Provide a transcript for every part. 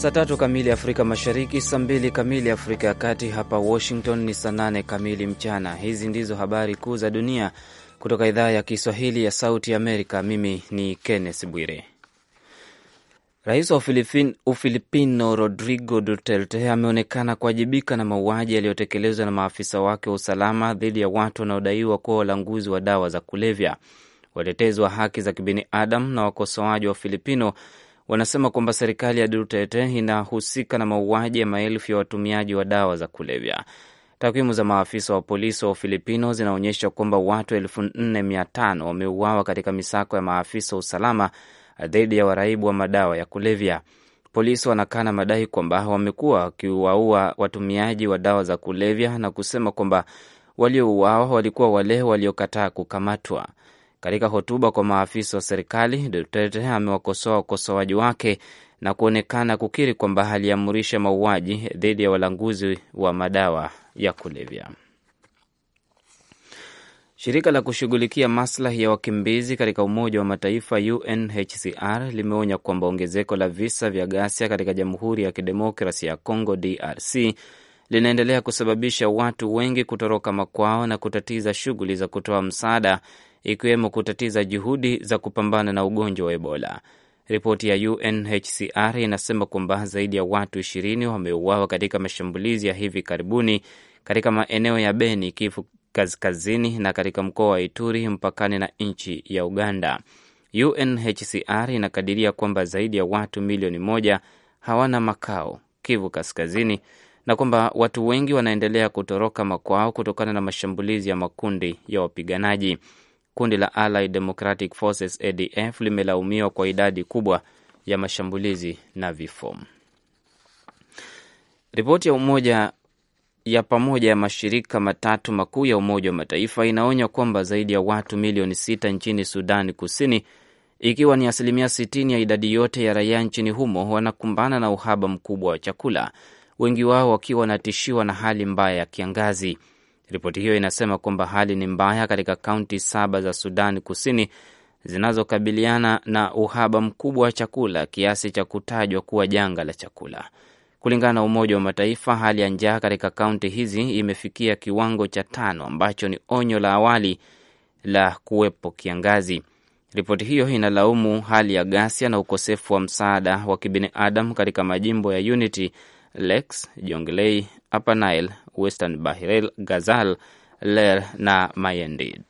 saa tatu kamili Afrika Mashariki, saa mbili kamili Afrika ya Kati. Hapa Washington ni saa nane kamili mchana. Hizi ndizo habari kuu za dunia kutoka idhaa ya Kiswahili ya Sauti Amerika. Mimi ni Kenneth Bwire. Rais wa Ufilipino Rodrigo Duterte ameonekana kuwajibika na mauaji yaliyotekelezwa na maafisa wake wa usalama dhidi ya watu wanaodaiwa kuwa walanguzi wa dawa za kulevya. Watetezi wa haki za kibinadamu na wakosoaji wa Filipino wanasema kwamba serikali ya Duterte inahusika na mauaji ya maelfu ya watumiaji wa dawa za kulevya. Takwimu za maafisa wa polisi wa Ufilipino zinaonyesha kwamba watu 45 wameuawa katika misako ya maafisa wa usalama dhidi ya waraibu wa madawa ya kulevya. Polisi wanakana madai kwamba wamekuwa wakiwaua watumiaji wa dawa za kulevya na kusema kwamba waliouawa walikuwa wale waliokataa kukamatwa. Katika hotuba kwa maafisa wa serikali, Duterte amewakosoa ukosoaji wake na kuonekana kukiri kwamba aliamrisha mauaji dhidi ya walanguzi wa madawa ya kulevya. Shirika la kushughulikia maslahi ya wakimbizi katika Umoja wa Mataifa, UNHCR, limeonya kwamba ongezeko la visa vya ghasia katika Jamhuri ya Kidemokrasi ya Congo, DRC, linaendelea kusababisha watu wengi kutoroka makwao na kutatiza shughuli za kutoa msaada ikiwemo kutatiza juhudi za kupambana na ugonjwa wa Ebola. Ripoti ya UNHCR inasema kwamba zaidi ya watu ishirini wameuawa katika mashambulizi ya hivi karibuni katika maeneo ya Beni, Kivu Kaskazini na katika mkoa wa Ituri mpakani na nchi ya Uganda. UNHCR inakadiria kwamba zaidi ya watu milioni moja hawana makao Kivu Kaskazini na kwamba watu wengi wanaendelea kutoroka makwao kutokana na mashambulizi ya makundi ya wapiganaji kundi la Allied Democratic Forces ADF limelaumiwa kwa idadi kubwa ya mashambulizi na vifo. Ripoti ya umoja ya pamoja ya mashirika matatu makuu ya Umoja wa Mataifa inaonya kwamba zaidi ya watu milioni sita nchini Sudani Kusini, ikiwa ni asilimia 60 ya idadi yote ya raia nchini humo, wanakumbana na uhaba mkubwa wa chakula, wengi wao wakiwa wanatishiwa na hali mbaya ya kiangazi. Ripoti hiyo inasema kwamba hali ni mbaya katika kaunti saba za Sudan Kusini zinazokabiliana na uhaba mkubwa wa chakula kiasi cha kutajwa kuwa janga la chakula. Kulingana na Umoja wa Mataifa, hali ya njaa katika kaunti hizi imefikia kiwango cha tano ambacho ni onyo la awali la kuwepo kiangazi. Ripoti hiyo inalaumu hali ya ghasia na ukosefu wa msaada wa kibinadamu katika majimbo ya Unity, Lakes, Jonglei, Upper Nile, Western Bahirel, Gazal, Ler na Mayendid.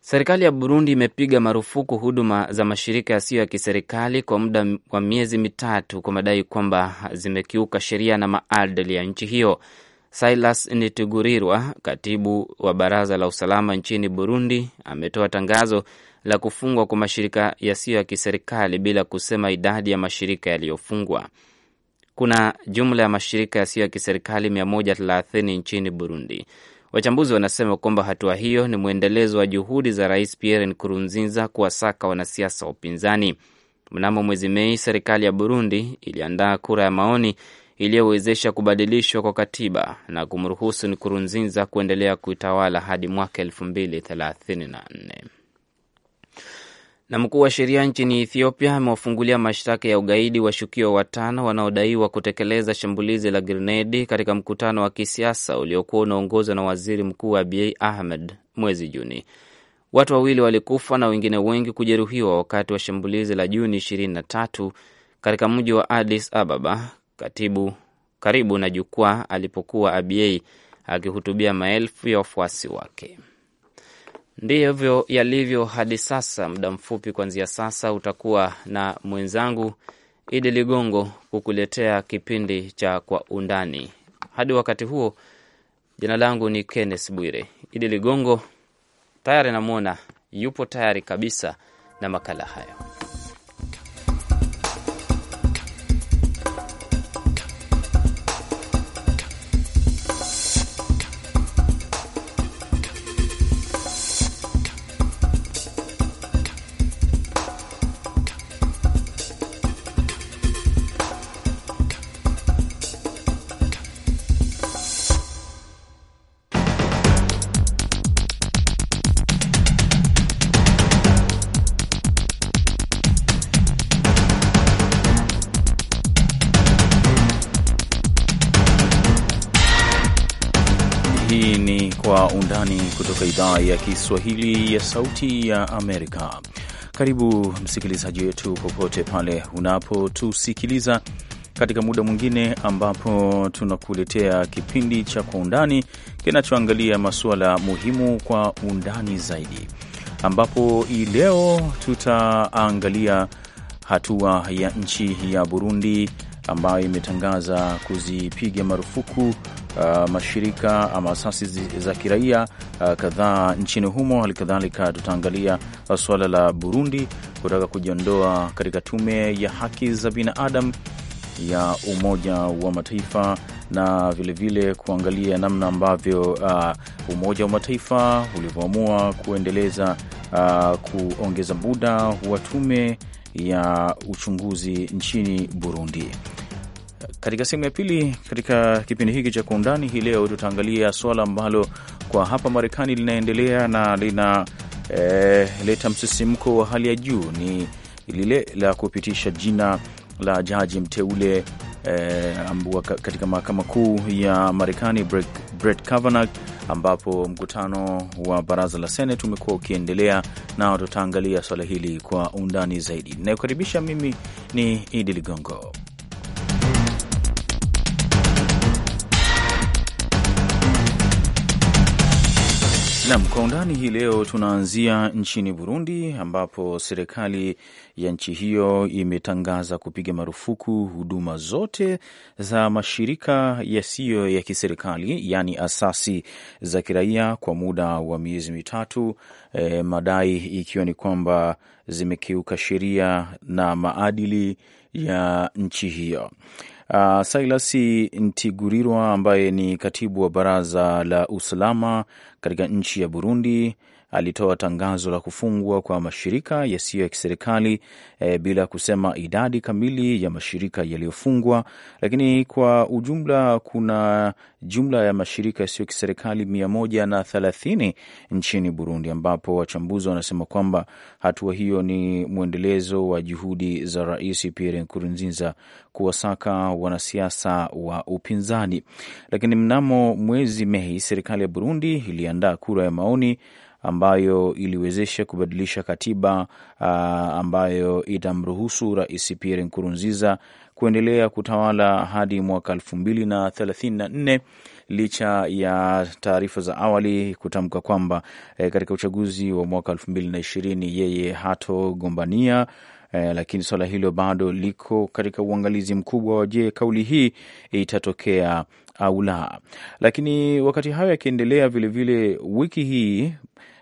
Serikali ya Burundi imepiga marufuku huduma za mashirika yasiyo ya kiserikali kwa muda wa miezi mitatu kwa madai kwamba zimekiuka sheria na maadili ya nchi hiyo. Silas Nitugurirwa, katibu wa baraza la usalama nchini Burundi, ametoa tangazo la kufungwa kwa mashirika yasiyo ya kiserikali bila kusema idadi ya mashirika yaliyofungwa kuna jumla ya mashirika yasiyo ya kiserikali 130 nchini Burundi. Wachambuzi wanasema kwamba hatua hiyo ni mwendelezo wa juhudi za Rais Pierre Nkurunziza kuwasaka wanasiasa wa upinzani. Mnamo mwezi Mei, serikali ya Burundi iliandaa kura ya maoni iliyowezesha kubadilishwa kwa katiba na kumruhusu Nkurunziza kuendelea kuitawala hadi mwaka el234 na mkuu wa sheria nchini Ethiopia amewafungulia mashtaka ya ugaidi washukiwa watano wanaodaiwa kutekeleza shambulizi la grenedi katika mkutano wa kisiasa uliokuwa unaongozwa na waziri mkuu Abiy Ahmed mwezi Juni. Watu wawili walikufa na wengine wengi kujeruhiwa wakati wa shambulizi la Juni 23 katika mji wa Addis Ababa katibu, karibu na jukwaa alipokuwa Abiy akihutubia maelfu ya wafuasi wake. Ndivyo yalivyo hadi sasa. Muda mfupi kuanzia sasa utakuwa na mwenzangu Idi Ligongo kukuletea kipindi cha Kwa Undani. Hadi wakati huo, jina langu ni Kenneth Bwire. Idi Ligongo tayari namwona yupo tayari kabisa na makala hayo. kutoka idhaa ya Kiswahili ya Sauti ya Amerika. Karibu msikilizaji wetu popote pale unapotusikiliza katika muda mwingine ambapo tunakuletea kipindi cha Kwa Undani kinachoangalia masuala muhimu kwa undani zaidi, ambapo hii leo tutaangalia hatua ya nchi ya Burundi ambayo imetangaza kuzipiga marufuku uh, mashirika ama asasi za kiraia uh, kadhaa nchini humo. Halikadhalika tutaangalia suala la Burundi kutaka kujiondoa katika tume ya haki za binadamu ya Umoja wa Mataifa na vilevile vile kuangalia namna ambavyo uh, Umoja wa Mataifa ulivyoamua kuendeleza uh, kuongeza muda wa tume ya uchunguzi nchini Burundi. Katika sehemu ya pili katika kipindi hiki cha Kwa Undani hii leo tutaangalia suala ambalo kwa hapa Marekani linaendelea na linaleta eh, e, msisimko wa hali ya juu, ni lile la kupitisha jina la jaji mteule eh, ambua katika mahakama kuu ya Marekani Brett Kavanaugh, ambapo mkutano wa baraza la Senate umekuwa ukiendelea na tutaangalia swala hili kwa undani zaidi. Inayokaribisha mimi ni Idi Ligongo. Nam kwa undani hii leo tunaanzia nchini Burundi, ambapo serikali ya nchi hiyo imetangaza kupiga marufuku huduma zote za mashirika yasiyo ya kiserikali, yaani asasi za kiraia kwa muda wa miezi mitatu, e, madai ikiwa ni kwamba zimekiuka sheria na maadili ya nchi hiyo. Uh, Silas Ntigurirwa ambaye ni katibu wa baraza la usalama katika nchi ya Burundi alitoa tangazo la kufungwa kwa mashirika yasiyo ya kiserikali e, bila kusema idadi kamili ya mashirika yaliyofungwa, lakini kwa ujumla kuna jumla ya mashirika yasiyo kiserikali mia moja na thelathini nchini Burundi, ambapo wachambuzi wanasema kwamba hatua hiyo ni mwendelezo wa juhudi za Rais Pierre Nkurunziza kuwasaka wanasiasa wa upinzani. Lakini mnamo mwezi Mei serikali ya Burundi iliandaa kura ya maoni ambayo iliwezesha kubadilisha katiba uh, ambayo itamruhusu Rais Pierre Nkurunziza kuendelea kutawala hadi mwaka elfu mbili na thelathini na nne licha ya taarifa za awali kutamka kwamba eh, katika uchaguzi wa mwaka elfu mbili na ishirini yeye hatogombania. Eh, lakini swala hilo bado liko katika uangalizi mkubwa wa je, kauli hii itatokea au la. Lakini wakati hayo yakiendelea, vilevile wiki hii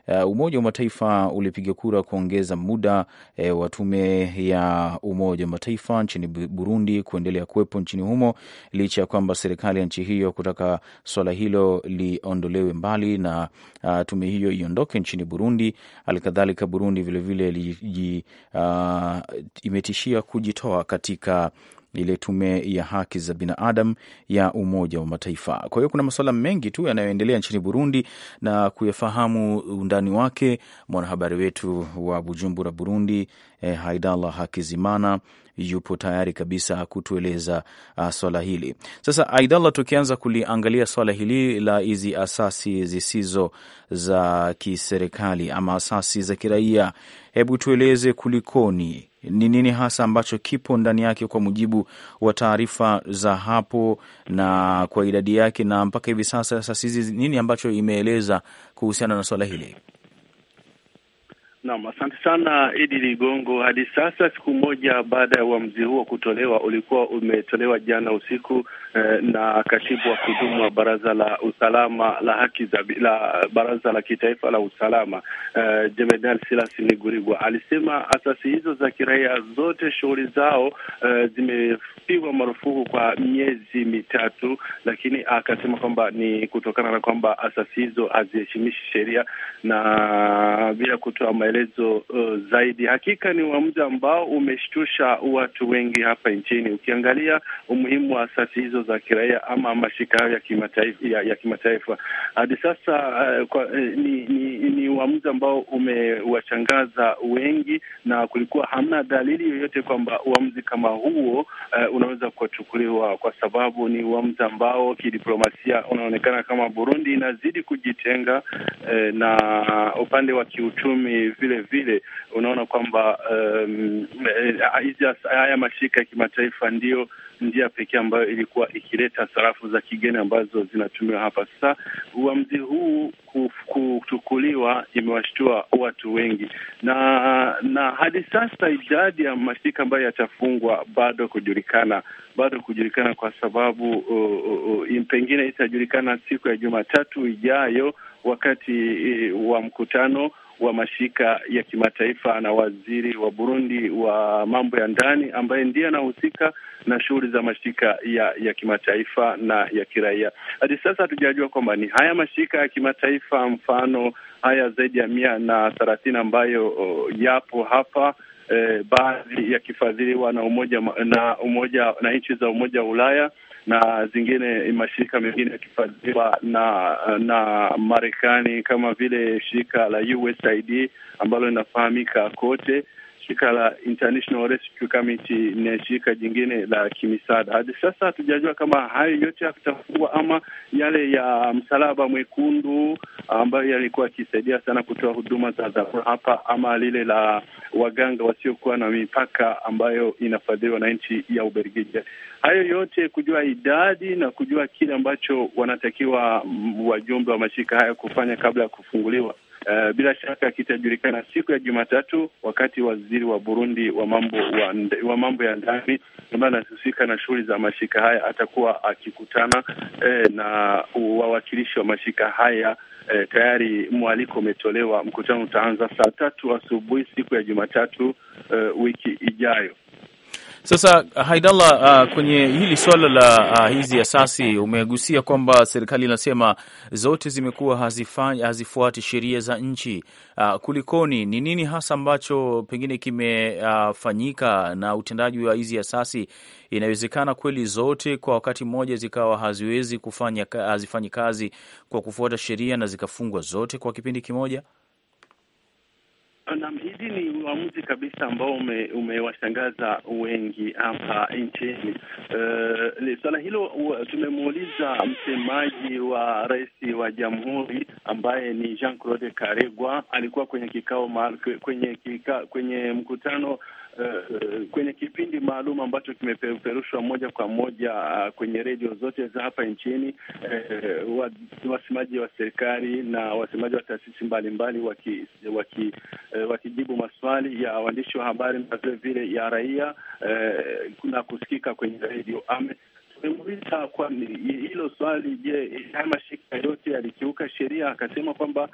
uh, Umoja wa Mataifa ulipiga kura kuongeza muda e, wa tume ya Umoja wa Mataifa nchini Burundi kuendelea kuwepo nchini humo licha ya kwamba serikali ya nchi hiyo kutaka swala hilo liondolewe mbali na uh, tume hiyo iondoke nchini Burundi. Halikadhalika Burundi vilevile vile uh, imetishia kujitoa katika ile tume ya haki za binadamu ya Umoja wa Mataifa. Kwa hiyo kuna masuala mengi tu yanayoendelea nchini Burundi na kuyafahamu undani wake mwanahabari wetu wa Bujumbura, Burundi, eh, Haidallah Hakizimana yupo tayari kabisa kutueleza uh, swala hili sasa. Aidallah, tukianza kuliangalia swala hili la hizi asasi zisizo za kiserikali ama asasi za kiraia, hebu tueleze kulikoni ni nini hasa ambacho kipo ndani yake kwa mujibu wa taarifa za hapo na kwa idadi yake, na mpaka hivi sasa sasa hizi nini ambacho imeeleza kuhusiana na swala hili? Naam, asante sana Idi Ligongo. Hadi sasa siku moja baada ya uamuzi huo kutolewa, ulikuwa umetolewa jana usiku eh, na katibu wa kudumu wa baraza la usalama la haki za la baraza la kitaifa la usalama eh, Jemedal Silas Nigurigwa alisema asasi hizo za kiraia zote shughuli zao eh, zimepigwa marufuku kwa miezi mitatu, lakini akasema kwamba ni kutokana na kwamba asasi hizo haziheshimishi sheria na bila kutoa maelezo uh, zaidi. Hakika ni uamuzi ambao umeshtusha watu wengi hapa nchini, ukiangalia umuhimu wa asasi hizo za kiraia ama mashirika hayo ya kimataifa ya, ya kimataifa hadi sasa uh, kwa, eh, ni, ni, ni uamuzi ambao umewashangaza wengi, na kulikuwa hamna dalili yoyote kwamba uamuzi kama huo uh, unaweza kuchukuliwa, kwa sababu ni uamuzi ambao kidiplomasia unaonekana kama Burundi inazidi kujitenga uh, na upande wa kiuchumi vile vile unaona kwamba um, eh, haya mashirika ya kimataifa ndiyo njia pekee ambayo ilikuwa ikileta sarafu za kigeni ambazo zinatumiwa hapa. Sasa uamuzi huu kuchukuliwa imewashtua watu wengi, na na hadi sasa idadi ya mashirika ambayo yatafungwa bado kujulikana, bado kujulikana kwa sababu uh, uh, uh, pengine itajulikana siku ya Jumatatu ijayo wakati uh, wa mkutano wa mashirika ya kimataifa na waziri wa Burundi wa mambo ya ndani ambaye ndiye anahusika na, na shughuli za mashirika ya ya kimataifa na ya kiraia. Hadi sasa hatujajua kwamba ni haya mashirika ya kimataifa, mfano haya zaidi ya mia na thelathini ambayo o, yapo hapa eh, baadhi yakifadhiliwa na umoja na umoja na nchi za Umoja wa Ulaya na zingine mashirika mengine yakifadhiliwa na na Marekani kama vile shirika la USAID ambalo linafahamika kote shirika la International Rescue Committee ni shirika jingine la kimisaada. Hadi sasa hatujajua kama hayo yote yatafungwa ama yale ya Msalaba Mwekundu ambayo yalikuwa yakisaidia sana kutoa huduma za dharura hapa, ama lile la waganga wasiokuwa na mipaka ambayo inafadhiliwa na nchi ya Ubelgiji. Hayo yote kujua idadi na kujua kile ambacho wanatakiwa wajumbe wa mashirika haya kufanya kabla ya kufunguliwa Eh, bila shaka kitajulikana siku ya Jumatatu wakati waziri wa Burundi wa mambo wa, wa mambo ya ndani ambaye anahusika na shughuli za mashirika haya atakuwa akikutana eh, na wawakilishi wa mashirika haya eh, tayari mwaliko umetolewa. Mkutano utaanza saa tatu asubuhi siku ya Jumatatu eh, wiki ijayo. Sasa uh, Haidallah, uh, kwenye hili swala la uh, hizi asasi umegusia kwamba serikali inasema zote zimekuwa hazifuati sheria za nchi. Uh, kulikoni? Ni nini hasa ambacho pengine kimefanyika uh, na utendaji wa hizi asasi? Inawezekana kweli zote kwa wakati mmoja zikawa haziwezi kufanya hazifanyi kazi kwa kufuata sheria na zikafungwa zote kwa kipindi kimoja? Naam, uamuzi kabisa ambao ume, umewashangaza wengi hapa nchini. Uh, swala hilo tumemuuliza msemaji wa rais wa jamhuri ambaye ni Jean Claude Karegwa, alikuwa kwenye kikao kwenye kika, kwenye mkutano Eh, eh, kwenye kipindi maalum ambacho kimepeperushwa moja kwa moja uh, kwenye redio zote za hapa nchini uh, wasemaji wa serikali na wasemaji wa taasisi mbalimbali wakijibu waki, uh, wakijibu maswali ya waandishi wa habari na vile vile ya raia uh, na kusikika kwenye redio Nimemuuliza kwa hilo swali, je, haya mashirika yote yalikiuka sheria? Akasema kwamba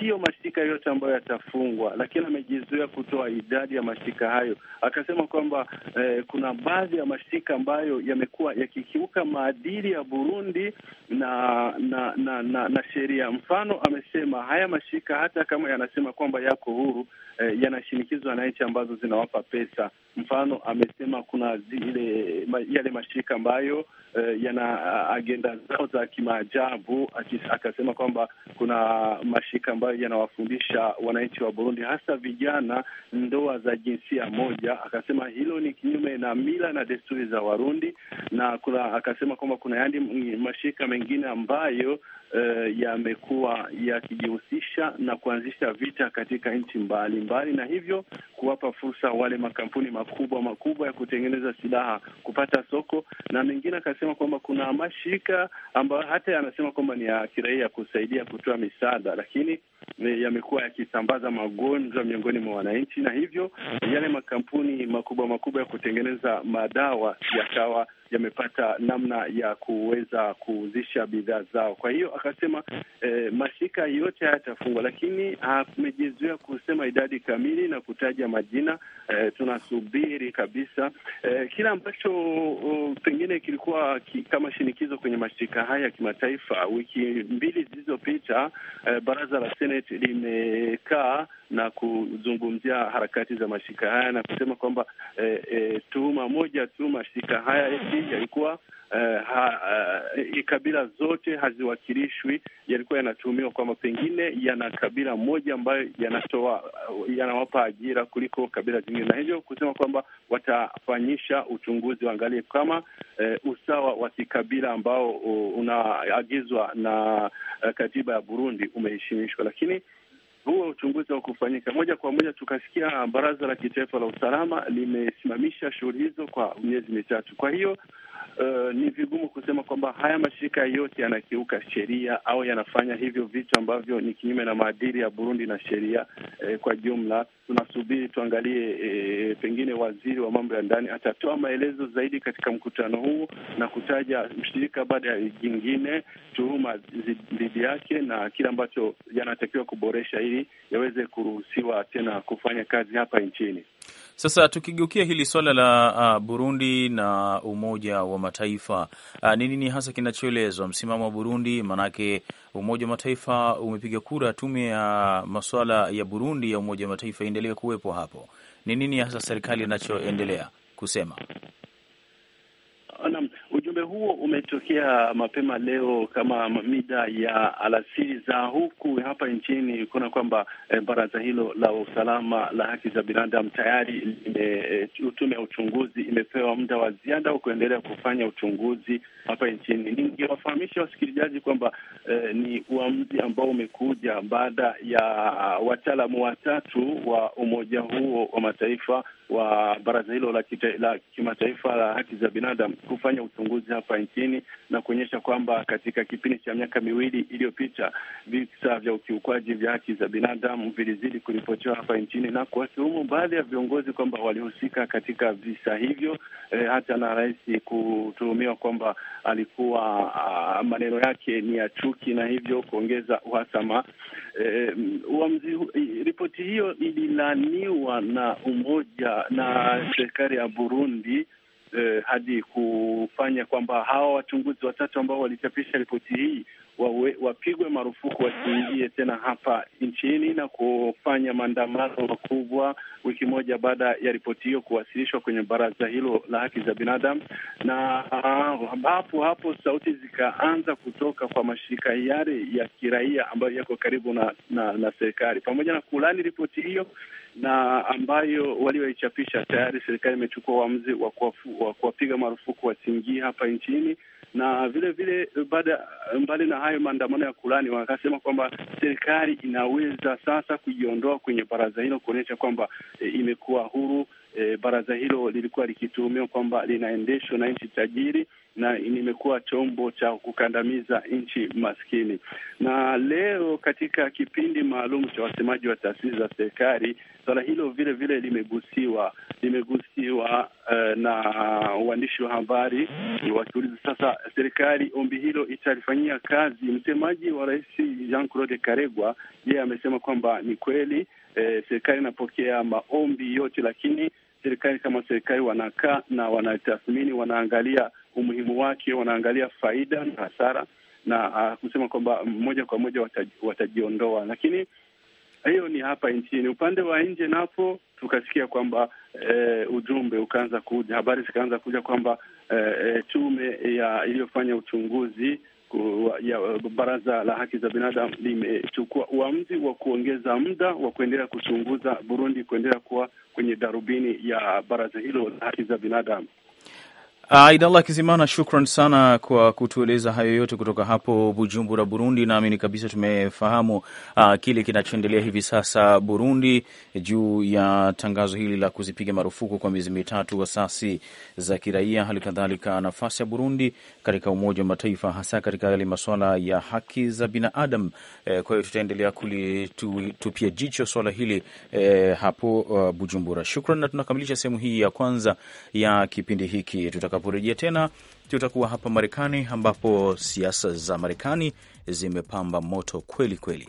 siyo eh, mashirika yote ambayo yatafungwa, lakini amejizuia kutoa idadi ya mashirika hayo. Akasema kwamba eh, kuna baadhi ya mashirika ambayo yamekuwa yakikiuka maadili ya Burundi na na na, na, na sheria. Mfano amesema haya mashirika hata kama yanasema kwamba yako huru eh, yanashinikizwa na nchi ambazo zinawapa pesa Mfano, amesema kuna zile ma, yale mashirika ambayo uh, yana agenda zao za kimaajabu, akasema kwamba kuna mashirika ambayo yanawafundisha wananchi wa Burundi hasa vijana ndoa za jinsia moja. Akasema hilo ni kinyume na mila na desturi za Warundi, na kuna akasema kwamba kuna yani mashirika mengine ambayo uh, yamekuwa yakijihusisha na kuanzisha vita katika nchi mbalimbali, na hivyo kuwapa fursa wale makampuni makubwa makubwa ya kutengeneza silaha kupata soko, na mengine akasema kwamba kuna mashirika ambayo hata yanasema kwamba ni ya kiraia kusaidia kutoa misaada, lakini yamekuwa yakisambaza magonjwa miongoni mwa wananchi, na hivyo yale makampuni makubwa makubwa ya kutengeneza madawa yakawa yamepata namna ya kuweza kuuzisha bidhaa zao. Kwa hiyo akasema eh, mashirika yote hayatafungwa, lakini amejizuia ah, kusema idadi kamili na kutaja majina. Eh, tunasubiri kabisa eh, kile ambacho uh, pengine kilikuwa ki, kama shinikizo kwenye mashirika haya ya kimataifa. Wiki mbili zilizopita eh, baraza la Seneti limekaa na kuzungumzia harakati za mashirika haya na kusema kwamba eh, eh, tuhuma moja tu mashirika haya mengi yalikuwa Uh, eh, ha, uh, kabila zote haziwakilishwi, yalikuwa yanatumiwa kwamba pengine yana kabila moja ambayo yanatoa yanawapa ajira kuliko kabila zingine, na hivyo kusema kwamba watafanyisha uchunguzi, waangalie kama uh, usawa wa kikabila ambao unaagizwa na uh, katiba ya Burundi umeheshimishwa, lakini huo uchunguzi wa kufanyika moja kwa moja, tukasikia baraza la kitaifa la usalama limesimamisha shughuli hizo kwa miezi mitatu. Kwa hiyo uh, ni vigumu kusema kwamba haya mashirika yote yanakiuka sheria au yanafanya hivyo vitu ambavyo ni kinyume na maadili ya Burundi na sheria eh. Kwa jumla tunasubiri tuangalie, eh, pengine waziri wa mambo ya ndani atatoa maelezo zaidi katika mkutano huu na kutaja mshirika baada ya jingine, tuhuma dhidi yake na kile ambacho yanatakiwa kuboresha ili yaweze kuruhusiwa tena kufanya kazi hapa nchini. Sasa tukigeukia hili swala la uh, Burundi na Umoja wa Mataifa, uh, ni uh, nini hasa kinachoelezwa msimamo wa Burundi? Maanake Umoja wa Mataifa umepiga kura, tume ya maswala ya Burundi ya Umoja wa Mataifa iendelee kuwepo hapo. Ni nini hasa serikali inachoendelea kusema? huo umetokea mapema leo kama mida ya alasiri za huku hapa nchini kuna kwamba eh, baraza hilo la usalama la haki za binadamu tayari eh, tume ya uchunguzi imepewa muda wa ziada wa kuendelea kufanya uchunguzi hapa nchini. Ningewafahamisha wasikilizaji kwamba eh, ni uamuzi ambao umekuja baada ya wataalamu watatu wa umoja huo wa mataifa wa baraza hilo la, la kimataifa la haki za binadamu kufanya uchunguzi hapa nchini na kuonyesha kwamba katika kipindi cha miaka miwili iliyopita visa vya ukiukwaji vya haki za binadamu vilizidi kuripotiwa hapa nchini na kuwatuhumu baadhi ya viongozi kwamba walihusika katika visa hivyo, e, hata na rais kutuhumiwa kwamba alikuwa a, ah, maneno yake ni ya chuki na hivyo kuongeza uhasama. E, uamuzi, ripoti hiyo ililaniwa na umoja na serikali ya Burundi eh, hadi kufanya kwamba hawa wachunguzi watatu ambao walichapisha ripoti hii wawe, wapigwe marufuku wasiingie tena hapa nchini na kufanya maandamano makubwa wiki moja baada ya ripoti hiyo kuwasilishwa kwenye baraza hilo la haki za binadamu. Na uh, hapo hapo sauti zikaanza kutoka kwa mashirika yale ya kiraia ambayo yako karibu na, na, na serikali pamoja na kulani ripoti hiyo na ambayo walioichapisha tayari serikali imechukua uamuzi wa kuwapiga marufuku wasiingie hapa nchini na vile vile baada mbali na hayo maandamano ya kulani, wakasema kwamba serikali inaweza sasa kujiondoa kwenye baraza hilo kuonyesha kwamba e, imekuwa huru e, baraza hilo lilikuwa likituhumiwa kwamba linaendeshwa na nchi tajiri na nimekuwa chombo cha kukandamiza nchi maskini. Na leo katika kipindi maalum cha wasemaji wa taasisi za serikali, swala hilo vile vile limegusiwa limegusiwa uh, na uandishi wa habari wakiuliza sasa, serikali ombi hilo italifanyia kazi. Msemaji wa rais Jean Claude Karegwa yeye amesema kwamba ni kweli, eh, serikali inapokea maombi yote, lakini serikali kama serikali wanakaa na wanatathmini, wanaangalia umuhimu wake, wanaangalia faida na hasara na uh, kusema kwamba moja kwa moja wataj, watajiondoa. Lakini hiyo ni hapa nchini. Upande wa nje napo tukasikia kwamba eh, ujumbe ukaanza kuja, habari zikaanza kuja kwamba eh, eh tume ya iliyofanya uchunguzi ya Baraza la Haki za Binadamu limechukua uamuzi wa kuongeza muda wa kuendelea kuchunguza Burundi kuendelea kuwa kwenye darubini ya baraza hilo la haki za binadamu. Ah, Aidallah Kizimana, shukran sana kwa kutueleza hayo yote kutoka hapo Bujumbura, Burundi. Naamini kabisa tumefahamu uh, kile kinachoendelea hivi sasa Burundi juu ya tangazo hili la kuzipiga marufuku kwa miezi mitatu asasi za kiraia, hali kadhalika nafasi ya Burundi katika Umoja wa Mataifa, hasa katika yale masuala ya haki za binadamu. Eh, kwa hiyo tutaendelea kulitupia jicho swala hili eh, hapo uh, Bujumbura. Shukran, na tunakamilisha sehemu hii ya kwanza ya kipindi hiki tutaka Tutakaporejea tena, tutakuwa hapa Marekani ambapo siasa za Marekani zimepamba moto kweli kweli.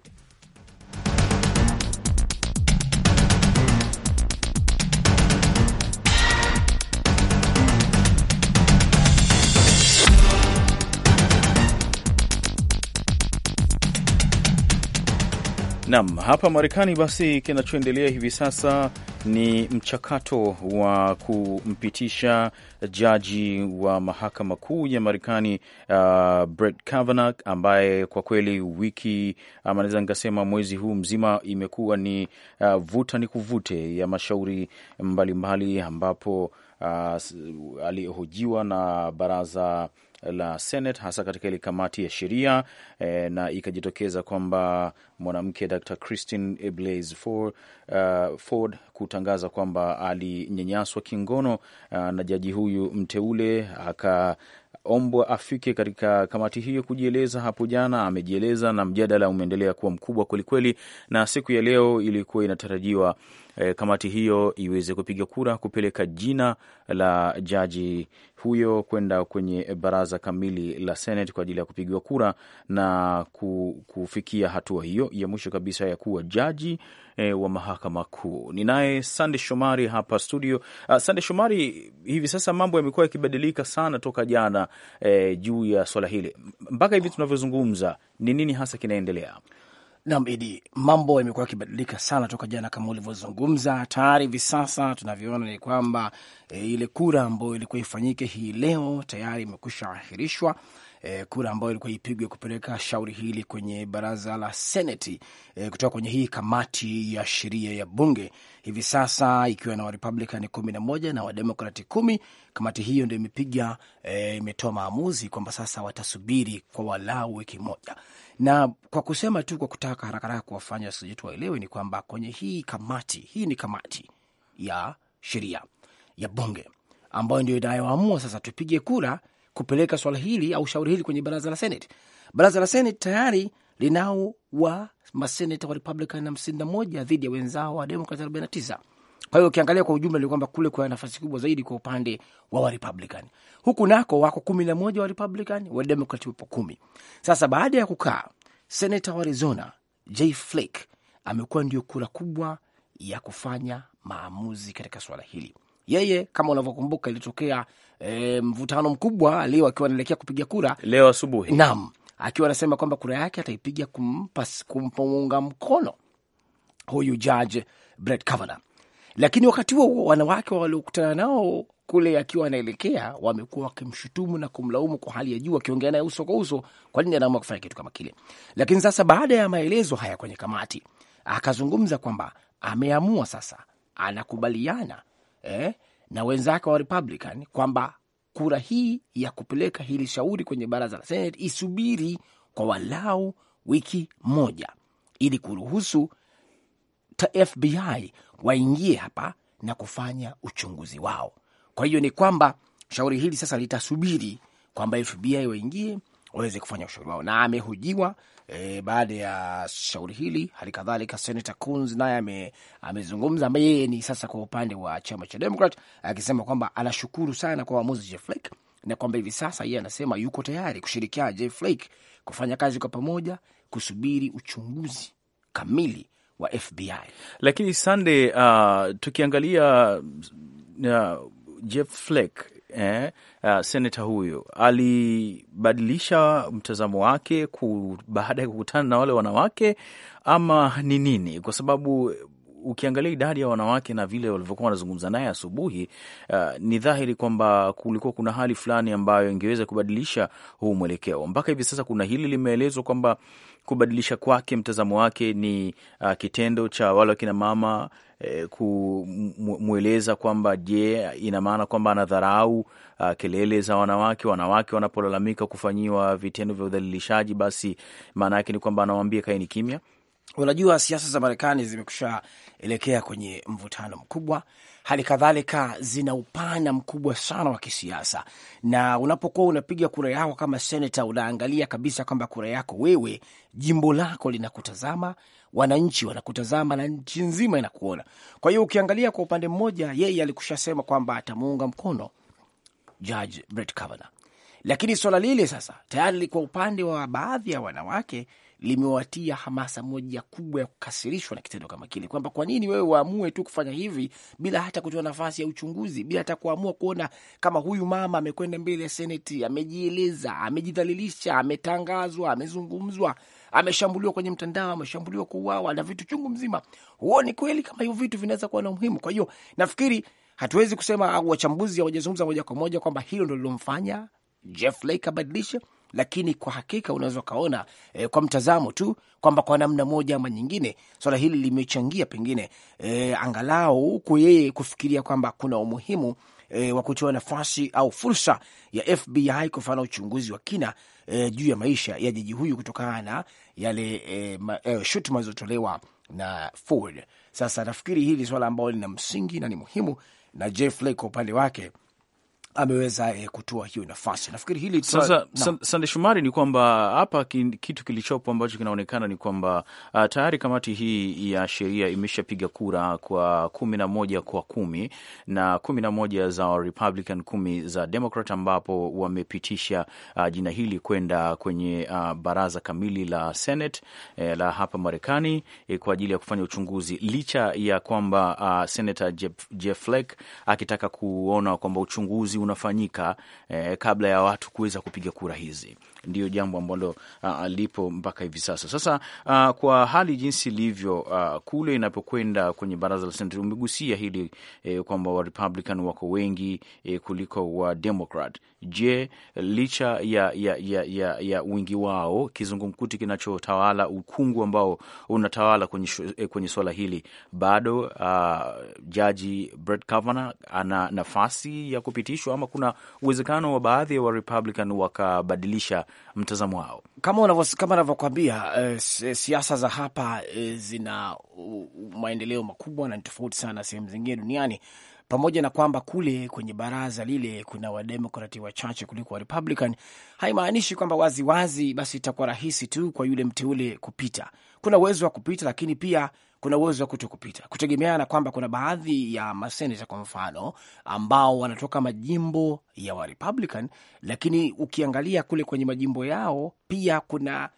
Nam, hapa Marekani basi, kinachoendelea hivi sasa ni mchakato wa kumpitisha jaji wa mahakama kuu ya Marekani uh, Brett Kavanaugh ambaye kwa kweli wiki ama naweza nikasema mwezi huu mzima imekuwa ni uh, vuta ni kuvute ya mashauri mbalimbali mbali, ambapo uh, aliyehojiwa na baraza la Senate, hasa katika ile kamati ya sheria eh, na ikajitokeza kwamba mwanamke Dr. Christine Blasey Ford, uh, Ford kutangaza kwamba alinyanyaswa kingono uh, na jaji huyu mteule aka ombwa afike katika kamati hiyo kujieleza. Hapo jana amejieleza, na mjadala umeendelea kuwa mkubwa kwelikweli, na siku ya leo ilikuwa inatarajiwa e, kamati hiyo iweze kupiga kura kupeleka jina la jaji huyo kwenda kwenye baraza kamili la Senate kwa ajili ya kupigiwa kura na kufikia hatua hiyo ya mwisho kabisa ya kuwa jaji e, wa mahakama kuu. Ninaye Sande Shomari hapa studio. Uh, Sande Shomari, hivi sasa mambo yamekuwa yakibadilika sana toka jana e, juu ya swala hili mpaka hivi tunavyozungumza, ni nini hasa kinaendelea? Nam Idi, mambo yamekuwa yakibadilika sana toka jana, kama ulivyozungumza tayari. Hivi sasa tunavyoona ni kwamba e, ile kura ambayo ilikuwa ifanyike hii leo tayari imekwisha ahirishwa e, kura ambayo ilikuwa ipigwe kupeleka shauri hili kwenye baraza la seneti e, kutoka kwenye hii kamati ya sheria ya bunge hivi sasa ikiwa na Warepublican kumi na moja na Wademokrati kumi. Kamati hiyo ndio imepiga e, imetoa maamuzi kwamba sasa watasubiri kwa walau wiki moja, na kwa kusema tu, kwa kutaka harakaharaka kuwafanya wasikilizaji waelewe, ni kwamba kwenye hii kamati, hii ni kamati ya sheria ya bunge ambayo ndio inayoamua sasa tupige kura kupeleka swala hili au shauri hili kwenye baraza la Senate. Baraza la Senate tayari linao wa maseneta wa Republican hamsini na moja dhidi ya wenzao wa Democrat 49. Kwa hiyo ukiangalia kwa ujumla ni kwamba kule kuna nafasi kubwa zaidi kwa upande wa Warepublican. Huku nako wako kumi na moja Warepublican, Wademokrat wapo kumi. Sasa baada ya kukaa, senata wa Arizona Jay Flake amekuwa ndio kura kubwa ya kufanya maamuzi katika swala hili. Yeye kama unavyokumbuka, ilitokea e, mvutano mkubwa leo akiwa anaelekea kupiga kura leo asubuhi. Naam, akiwa anasema kwamba kura yake ataipiga kumpa kumuunga mkono huyu Judge Brett Kavanaugh. Lakini wakati huo huo wanawake waliokutana nao kule akiwa anaelekea wamekuwa wakimshutumu na kumlaumu kwa hali ya juu, akiongea naye uso kwa uso, kwa nini anaamua kufanya kitu kama kile. Lakini sasa baada ya maelezo haya kwenye kamati, akazungumza kwamba ameamua sasa anakubaliana eh, na wenzake wa Republican kwamba kura hii ya kupeleka hili shauri kwenye baraza la Senate isubiri kwa walau wiki moja ili kuruhusu ta FBI waingie hapa na kufanya uchunguzi wao. Kwa hiyo ni kwamba shauri hili sasa litasubiri kwamba FBI waingie waweze kufanya ushauri wao, na amehojiwa e, baada ya shauri hili. Hali kadhalika Senata Coons naye amezungumza, ambaye yeye ni sasa kwa upande wa chama cha Demokrat, akisema kwamba anashukuru sana kwa uamuzi Jeff Flake na kwamba hivi sasa yeye anasema yuko tayari kushirikiana Jeff Flake kufanya kazi kwa pamoja, kusubiri uchunguzi kamili wa FBI. Lakini Sande, uh, tukiangalia uh, Jeff Flake eh, uh, seneta huyu alibadilisha mtazamo wake baada ya kukutana na wale wanawake ama ni nini? Kwa sababu ukiangalia idadi ya wanawake na vile walivyokuwa wanazungumza naye asubuhi, uh, ni dhahiri kwamba kulikuwa kuna hali fulani ambayo ingeweza kubadilisha huu mwelekeo. Mpaka hivi sasa kuna hili limeelezwa kwamba kubadilisha kwake mtazamo wake ni uh, kitendo cha wale wakinamama Eh, kumweleza kwamba je, ina maana kwamba anadharau uh, kelele za wanawake, wanawake wanapolalamika kufanyiwa vitendo vya udhalilishaji, basi maana yake ni kwamba anawaambia kaeni kimya? Unajua, siasa za Marekani zimekusha elekea kwenye mvutano mkubwa, hali kadhalika zina upana mkubwa sana wa kisiasa, na unapokuwa unapiga kura yako kama senata, unaangalia kabisa kwamba kura yako wewe, jimbo lako linakutazama, wananchi wanakutazama na nchi nzima inakuona. Kwa hiyo ukiangalia kwa upande mmoja, yeye alikushasema kwamba atamuunga mkono Judge Brett Kavanaugh, lakini swala lile sasa tayari likuwa upande wa baadhi ya wanawake limewatia hamasa moja kubwa ya kukasirishwa na kitendo kama kile, kwamba kwa nini wewe waamue tu kufanya hivi bila hata kutoa nafasi ya uchunguzi, bila hata kuamua kuona kama huyu mama amekwenda mbele ya Seneti, amejieleza, amejidhalilisha, ametangazwa, amezungumzwa ameshambuliwa kwenye mtandao, ameshambuliwa kuuawa na vitu chungu mzima. Huoni kweli kama hivyo vitu vinaweza kuwa na umuhimu? Kwa hiyo nafikiri hatuwezi kusema au wachambuzi hawajazungumza moja kwa moja kwamba hilo ndo lilomfanya Jeff Flake abadilishe, lakini kwa hakika unaweza ukaona e, kwa mtazamo tu kwamba kwa namna moja ama nyingine swala hili limechangia pengine e, angalau huku yeye kufikiria kwamba kuna umuhimu e, wa kutoa nafasi au fursa ya FBI kufanya uchunguzi wa kina e, juu ya maisha ya jiji huyu kutokana na yale e, e, shutuma zilizotolewa na Ford. Sasa nafikiri hili swala ambalo lina msingi na ni muhimu, na Jeff Flake kwa upande wake ameweza eh, kutoa hiyo nafasi. Nafikiri hili sasa, Sande Shumari, ni kwamba hapa kitu kilichopo ambacho kinaonekana ni kwamba uh, tayari kamati hii ya sheria imeshapiga kura kwa kumi na moja kwa kumi na kumi na moja za Republican, kumi za Democrat, ambapo wamepitisha uh, jina hili kwenda kwenye uh, baraza kamili la Senate eh, la hapa Marekani eh, kwa ajili ya kufanya uchunguzi, licha ya kwamba uh, Senator Jeff, Jeff Flake akitaka kuona kwamba uchunguzi unafanyika eh, kabla ya watu kuweza kupiga kura hizi. Ndiyo jambo ambalo uh, lipo mpaka hivi sasa. Sasa uh, kwa hali jinsi ilivyo uh, kule inapokwenda kwenye baraza la Senate, umegusia hili eh, kwamba Warepublican wako wengi eh, kuliko Democrat. Je, licha ya, ya, ya, ya, ya wingi wao kizungumkuti kinachotawala ukungu ambao unatawala kwenye, eh, kwenye suala hili bado uh, jaji Brett Kavanaugh ana nafasi ya kupitishwa ama kuna uwezekano wa baadhi ya wa Republican wakabadilisha mtazamo wao kama anavyokwambia uh, eh, siasa za hapa uh, zina uh, maendeleo makubwa na ni tofauti sana sehemu zingine duniani pamoja na kwamba kule kwenye baraza lile kuna wademokrati wachache kuliko warepublican, haimaanishi kwamba waziwazi basi itakuwa rahisi tu kwa yule mteule kupita. Kuna uwezo wa kupita, lakini pia kuna uwezo wa kuto kupita, kutegemeana na kwamba kuna baadhi ya maseneta kwa mfano ambao wanatoka majimbo ya warepublican, lakini ukiangalia kule kwenye majimbo yao pia kuna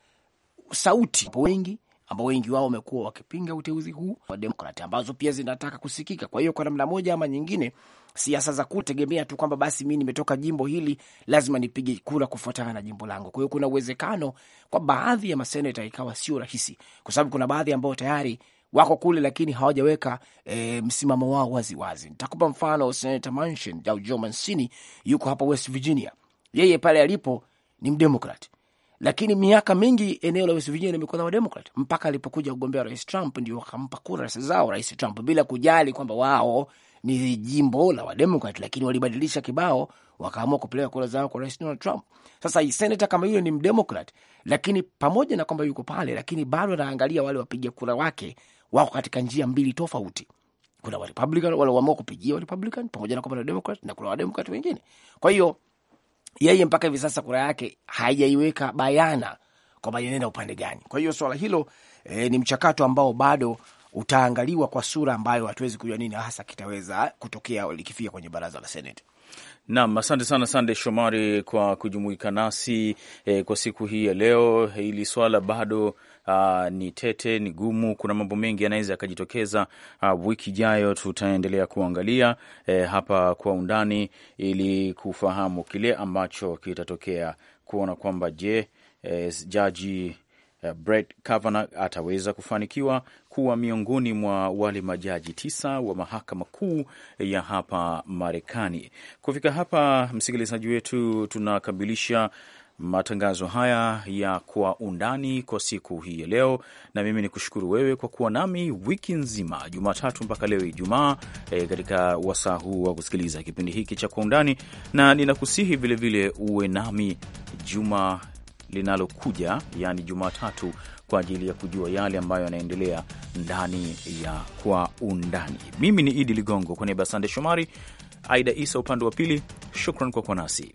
sauti wengi ambao wengi wao wamekuwa wakipinga uteuzi huu wa Demokrat, ambazo pia zinataka kusikika. Kwa hiyo kwa namna moja ama nyingine, siasa za kutegemea tu kwamba basi mi nimetoka jimbo hili, lazima nipige kura kufuatana na jimbo langu. Kwa hiyo kuna uwezekano kwa baadhi ya maseneta ikawa sio rahisi, kwa sababu kuna baadhi ambao tayari wako kule lakini hawajaweka e, msimamo wao waziwazi. Nitakupa mfano, Senata Manchin au Joe Mancini yuko hapa West Virginia. Yeye pale alipo ni mdemokrati, lakini miaka mingi eneo la West Virginia limekuwa na Wademokrat mpaka alipokuja kugombea rais Trump, ndio wakampa kura zao rais Trump bila kujali kwamba wao ni jimbo la Wademokrat, lakini walibadilisha kibao, wakaamua kupeleka kura zao kwa rais Donald Trump. Sasa senata kama yule ni Mdemokrat, lakini pamoja na kwamba yuko pale, lakini bado anaangalia wale wapiga kura wake wako katika njia mbili tofauti. Kuna Warepublican wale waamua kupigia Warepublican pamoja na kwamba na Demokrat, na kuna Wademokrat wengine, kwa hiyo yeye mpaka hivi sasa kura yake haijaiweka bayana kwamba inaenda upande gani. Kwa hiyo swala hilo e, ni mchakato ambao bado utaangaliwa kwa sura ambayo hatuwezi kujua nini hasa kitaweza kutokea likifika kwenye baraza la Seneti. Nam, asante sana Sande Shomari kwa kujumuika nasi e, kwa siku hii ya leo. Hili swala bado Uh, ni tete, ni gumu. Kuna mambo mengi yanaweza yakajitokeza. Uh, wiki ijayo tutaendelea kuangalia eh, hapa kwa undani ili kufahamu kile ambacho kitatokea, kuona kwamba je, eh, jaji Eh, Brett Kavanaugh ataweza kufanikiwa kuwa miongoni mwa wale majaji tisa wa mahakama kuu ya hapa Marekani. Kufika hapa, msikilizaji wetu, tunakamilisha matangazo haya ya Kwa Undani kwa siku hii ya leo, na mimi ni kushukuru wewe kwa kuwa nami wiki nzima, Jumatatu mpaka leo Ijumaa, e, katika wasaa huu wa kusikiliza kipindi hiki cha Kwa Undani, na ninakusihi vilevile uwe nami juma linalokuja, yani Jumatatu, kwa ajili ya kujua yale ambayo yanaendelea ndani ya Kwa Undani. Mimi ni Idi Ligongo kwa niaba ya Sande Shomari, Aida Isa upande wa pili. Shukran kwa kuwa nasi.